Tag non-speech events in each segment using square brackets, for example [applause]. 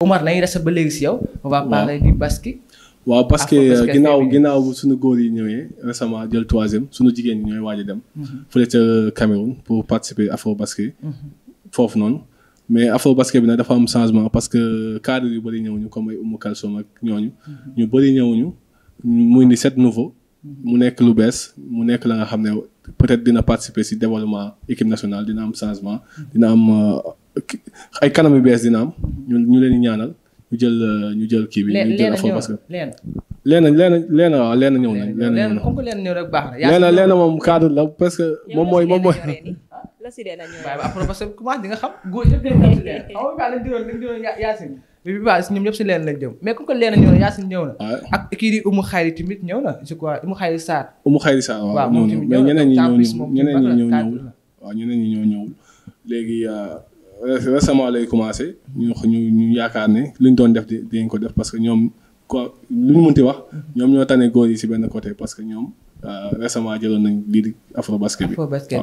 Omar nañu resté ba léegi si yow. on va parler parce que ginnaaw ginnaaw suñu góor yi ñëwee récemment jël troisième suñu jigéen ñi ñooy waaj a dem. Mhm. fële ca Cameroun pour participer afro basket. Mhm. foofu noonu mais afro basket bi nag dafa am changement parce que cadre yu bëri ñëwuñu comme ay Oumou Kalsoum ak ñooñu. Mhm. ñu bëri ñëwuñu mu ni set nouveau mu nekk lu bees mu nekk la nga xam ne peut-être dina participer si développement équipe nationale dina am changement. dina am euh, ay ñu ñu leen di ñaanal ñu jël euh, ñu jël kii bi. ñu jël affaire parce que leena leena leena waaw ñëw nañ leena comme que leena ñëw rek baax na leena leena moom cadre la parce que moom mooy moom mooy [laughs] parce que commencé di nga xam góor ñëpp [laughs] ñëpp si leena lañ jëm mais comme que leena ñëw na Yaasin ñëw na ak kii di Umu Xayri tamit ñëw na je crois Umu ñëw na mais ñeneen ñi ñëw ñëw ñeneen ñi ñëw ñëwul waaw ñeneen ñi récemment lay commencé ñu ñu ñu yaakaar ne li ñu doon def di dinañ ko def parce que ñoom ko lu ñu mënti wax ñoom ñoo tane góor yi si benn côté parce que ñoom euh, récemment jëloon nañ lii di afro basket bi. afro basket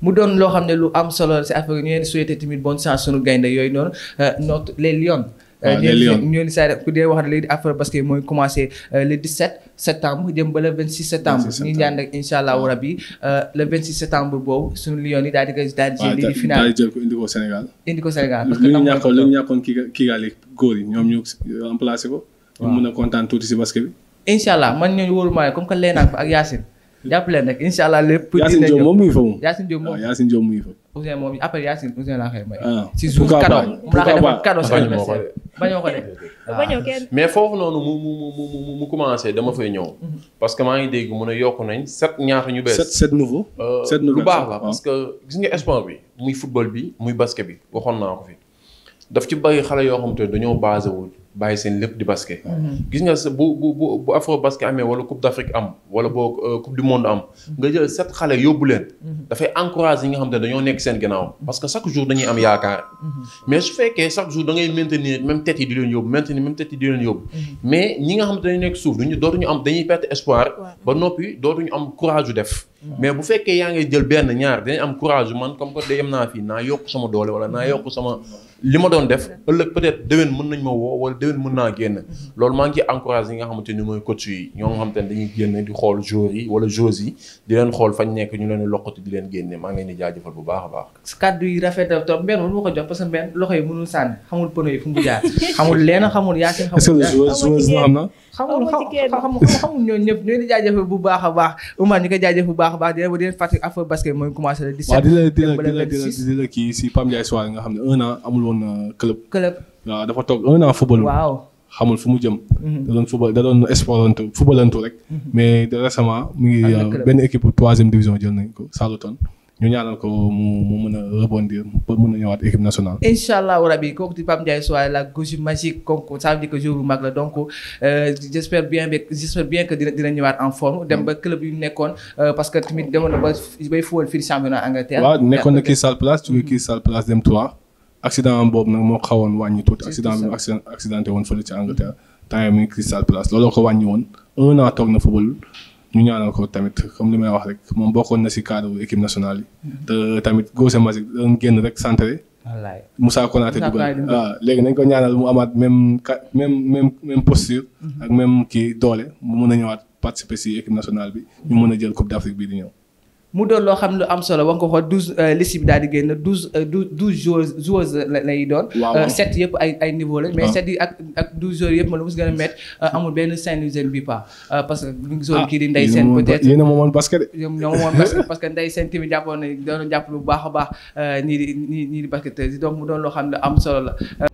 mu doon loo xam ne lu am solo si afro ñu leen souhaité tamit bonne chance sunu gaynde yooyu noonu euh, notre les lions. Euh, ah, ñoo ni saa ku dee wax ne léegi affaire parce que mooy commencé euh, le 17 septembre jëm ba le 26 septembre ñu ñaan rek incha allah rabi euh, le 26 septembre boobu que lu ñu ñàkkoon lu ñu ñàkkoon kii kiigaale góor yi ñoom ñu remplacé ko ñu mën a kontaan tuuti si basket bi incha allah man ñooñu wóoru maa comme que leenaag fa ak Yacine jàpp leen rek incha allah lépp. Yacine moom muy fa moom Yacine Diop ah, muy fa. Ousseyn moom après Yacine laa koy may. Ah. si suuf cadeau mu laa koy defal cadeau sa anniversaire bañoo ko de mais foofu noonu mu mu mu mu mu commencé dama fay ñëw. Mhm. parce que maa ngi dégg mu ne yokk nañ set ñaata ñu bees. set set nouveau. Euh, set nouveau lu baax la ah. parce que gis nga sport bi muy football bi muy basket bi waxoon naa ko fi. daf ci bari xale yo xam te dañoo basé wu bay seen lépp di basket. gis nga bu bu bu afro basket amé wala coupe d'afrique am wala bo coupe du monde am. nga jël set xale len da fay encouragé yi nga xam te dañoo nekk seen gënaaw parce que chaque jour dañuy am yaakaar. mais su fekkee chaque jour da ngay maintenir même tête yi di len yóbbu maintenir même tête yi di len yóbbu. mais ñi nga xam te dañu nekk suuf duñu dootuñu am dañuy perdre espoir. ba noppi dootuñu am courage du def. mais bu fekké ya ngay jël ben ñaar dañuy am courage man comme ko dem na fi na yok sama doole wala na yok sama. li ma doon def ëllëg peut-être déwén mën nañ ma woo wala déwén mën naa génn loolu maa ngi ciy nga xamante ni mooy coach yi ñoo nga xamante ne dañuy génn di xool joueurs yi wala joueurs yi a baax kaddu yi rafetal trop benn mënu ma yi mënul sànni xamul yi mu a baax Oumar ñu a baax di nga xam ne un amul amoon uh, club. club waaw dafa toog un an football. waaw xamul fu mu jëm. Mhm. da doon football da doon esporantu footballantu rek. Mhm. mais de récemment mu ngi uh, benn équipe troisième division jël nañ ko Saluton. ñu ñaanal ko mu mu mën a rebondir ba mën a ñëwaat équipe nationale. incha allahu rabi kooku ba club yu mu nekkoon euh, parce que tamit waaw nekkoon na kii Salle Place jógee kii mhm. Salle Place dem 3. accident am boobu nag moo xawoon wàññi tuuti. accident bi accident accidenté woon fële ci Angleterre. temps yii muy Crystal Palace looloo ko wàññi woon un an toog na football ñu ñaanal ko tamit comme li may wax rek moom bokkoon na si cadre équipe nationale yi. Mm-hmm. te tamit Gose Magic doon génn rek centré. wallaay Moussa Konaté dugal waaw ah, léegi nañ ko ñaanal mu amaat même ka même même même posture. Mm-hmm. ak même kii doole mu mën a ñëwaat participer si équipe nationale bi. ñu mën a jël coupe d' bii di ñëw. mu doon loo xam ne am solo wa nga ko xool douze euh, liste bi daal di génn douze euh, douze joueuses joueuses lay doon. Euh, sept yëpp ay ay niveau ah. ak ak douze joueurs yëpp la mos gën a métti amul benn Saint-Louisien bi pas parce que ñu gisoon kii di Ndeye Sène peut-être yéen a moomoon basket parce que Ndeye Sène tamit jàppoon nañu doon jàpp lu baax a baax ñii di nii di basketteur yi donc mu doon loo xam lu am solo la.